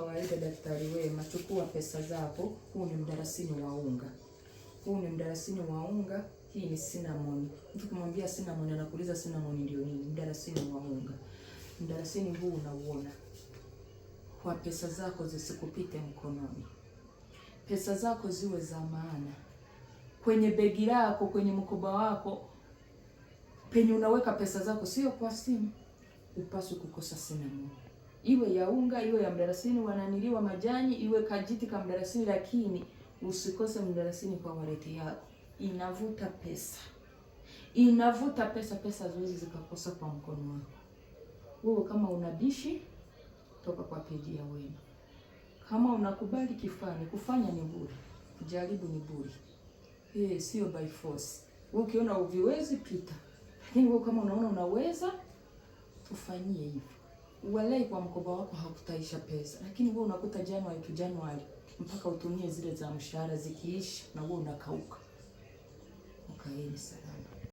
kawaida, daktari wema, chukua pesa zako. Huu ni mdarasini wa unga, huu ni mdarasini wa unga. Hii ni cinnamon. Mtu kumwambia cinnamon, anakuuliza cinnamon ndio nini? Mdarasini wa unga. Mdarasini huu unauona kwa pesa zako, zisikupite mkononi. Pesa zako ziwe za maana, kwenye begi lako, kwenye mkoba wako, penye unaweka pesa zako, sio kwa simu. Upaswe kukosa cinnamon iwe ya unga, iwe ya mdarasini, wananiliwa majani, iwe kajiti ka mdarasini, lakini usikose mdarasini kwa waleti yako. Inavuta pesa, inavuta pesa, pesa haziwezi zikakosa kwa mkono wako wewe. Kama una dishi, toka kwa peji ya Wema. Kama unakubali kifani, kufanya ni bure, kujaribu ni bure. Hey, eh, sio by force. Wewe ukiona uviwezi pita, lakini wewe kama unaona unaweza, tufanyie hivyo walai kwa mkoba wako hakutaisha pesa, lakini wewe unakuta Januari tu January mpaka utumie zile za mshahara zikiisha, na wewe unakauka ukaeni salama.